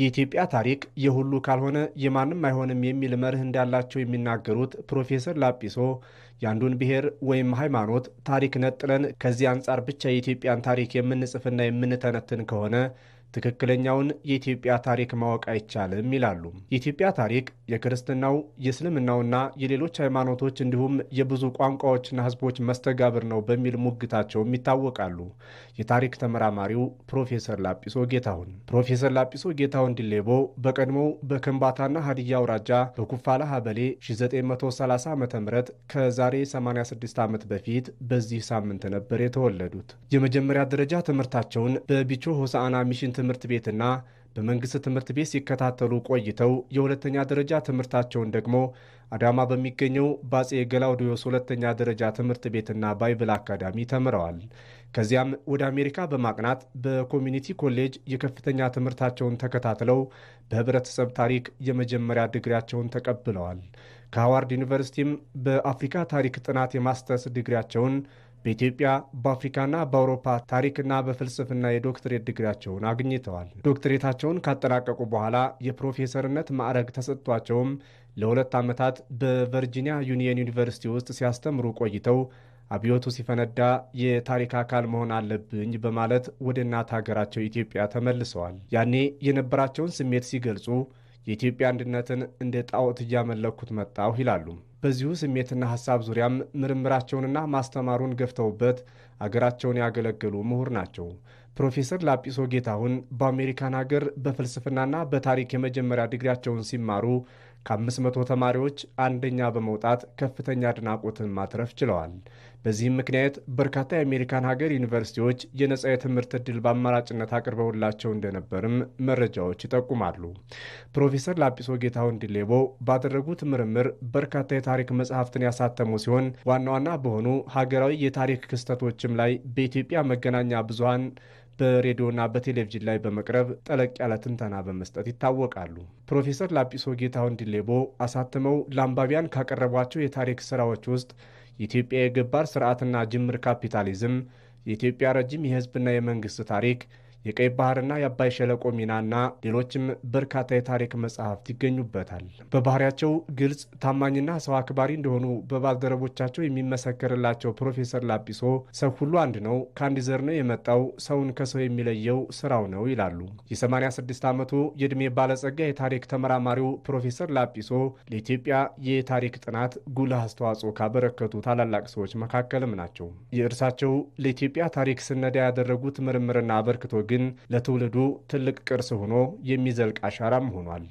የኢትዮጵያ ታሪክ የሁሉ ካልሆነ የማንም አይሆንም የሚል መርህ እንዳላቸው የሚናገሩት ፕሮፌሰር ላጲሶ የአንዱን ብሔር ወይም ሃይማኖት ታሪክ ነጥለን ከዚህ አንጻር ብቻ የኢትዮጵያን ታሪክ የምንጽፍና የምንተነትን ከሆነ ትክክለኛውን የኢትዮጵያ ታሪክ ማወቅ አይቻልም ይላሉ። የኢትዮጵያ ታሪክ የክርስትናው የእስልምናውና የሌሎች ሃይማኖቶች እንዲሁም የብዙ ቋንቋዎችና ሕዝቦች መስተጋብር ነው በሚል ሙግታቸውም ይታወቃሉ። የታሪክ ተመራማሪው ፕሮፌሰር ላጲሶ ጌታሁን ፕሮፌሰር ላጲሶ ጌታሁን ዲሌቦ በቀድሞው በከንባታና ሀዲያ አውራጃ በኩፋላ ሀበሌ 930 ዓ ም ከዛሬ 86 ዓመት በፊት በዚህ ሳምንት ነበር የተወለዱት። የመጀመሪያ ደረጃ ትምህርታቸውን በቢቾ ሆሳአና ሚሽን ትምህርት ቤትና በመንግሥት ትምህርት ቤት ሲከታተሉ ቆይተው የሁለተኛ ደረጃ ትምህርታቸውን ደግሞ አዳማ በሚገኘው በአጼ ገላውዲዮስ ሁለተኛ ደረጃ ትምህርት ቤትና ባይብል አካዳሚ ተምረዋል። ከዚያም ወደ አሜሪካ በማቅናት በኮሚኒቲ ኮሌጅ የከፍተኛ ትምህርታቸውን ተከታትለው በህብረተሰብ ታሪክ የመጀመሪያ ድግሪያቸውን ተቀብለዋል። ከሃዋርድ ዩኒቨርሲቲም በአፍሪካ ታሪክ ጥናት የማስተርስ ድግሪያቸውን በኢትዮጵያ በአፍሪካና በአውሮፓ ታሪክና በፍልስፍና የዶክትሬት ድግሪያቸውን አግኝተዋል። ዶክትሬታቸውን ካጠናቀቁ በኋላ የፕሮፌሰርነት ማዕረግ ተሰጥቷቸውም ለሁለት ዓመታት በቨርጂኒያ ዩኒየን ዩኒቨርሲቲ ውስጥ ሲያስተምሩ ቆይተው አብዮቱ ሲፈነዳ የታሪክ አካል መሆን አለብኝ በማለት ወደ እናት ሀገራቸው ኢትዮጵያ ተመልሰዋል። ያኔ የነበራቸውን ስሜት ሲገልጹ የኢትዮጵያ አንድነትን እንደ ጣዖት እያመለኩት መጣሁ ይላሉ። በዚሁ ስሜትና ሀሳብ ዙሪያም ምርምራቸውንና ማስተማሩን ገፍተውበት አገራቸውን ያገለገሉ ምሁር ናቸው። ፕሮፌሰር ላጲሶ ጌታሁን በአሜሪካን ሀገር በፍልስፍናና በታሪክ የመጀመሪያ ዲግሪያቸውን ሲማሩ ከ500 ተማሪዎች አንደኛ በመውጣት ከፍተኛ አድናቆትን ማትረፍ ችለዋል። በዚህም ምክንያት በርካታ የአሜሪካን ሀገር ዩኒቨርሲቲዎች የነጻ የትምህርት ዕድል በአማራጭነት አቅርበውላቸው እንደነበርም መረጃዎች ይጠቁማሉ። ፕሮፌሰር ላጲሶ ጌታሁን ዲሌቦ ባደረጉት ምርምር በርካታ የታሪክ መጽሐፍትን ያሳተሙ ሲሆን ዋና ዋና በሆኑ ሀገራዊ የታሪክ ክስተቶችም ላይ በኢትዮጵያ መገናኛ ብዙሃን በሬዲዮና በቴሌቪዥን ላይ በመቅረብ ጠለቅ ያለ ትንተና በመስጠት ይታወቃሉ። ፕሮፌሰር ላጲሶ ጌታሁን ዲሌቦ አሳትመው ለአንባቢያን ካቀረቧቸው የታሪክ ስራዎች ውስጥ የኢትዮጵያ የገባር ስርዓትና ጅምር ካፒታሊዝም፣ የኢትዮጵያ ረጅም የህዝብና የመንግስት ታሪክ የቀይ ባህርና የአባይ ሸለቆ ሚናና ሌሎችም በርካታ የታሪክ መጽሐፍት ይገኙበታል። በባህሪያቸው ግልጽ፣ ታማኝና ሰው አክባሪ እንደሆኑ በባልደረቦቻቸው የሚመሰከርላቸው ፕሮፌሰር ላጲሶ ሰው ሁሉ አንድ ነው፣ ከአንድ ዘር ነው የመጣው፣ ሰውን ከሰው የሚለየው ስራው ነው ይላሉ። የ86 ዓመቱ የዕድሜ ባለጸጋ የታሪክ ተመራማሪው ፕሮፌሰር ላጲሶ ለኢትዮጵያ የታሪክ ጥናት ጉልህ አስተዋጽኦ ካበረከቱ ታላላቅ ሰዎች መካከልም ናቸው። የእርሳቸው ለኢትዮጵያ ታሪክ ስነዳ ያደረጉት ምርምርና አበርክቶ ግን ለትውልዱ ትልቅ ቅርስ ሆኖ የሚዘልቅ አሻራም ሆኗል።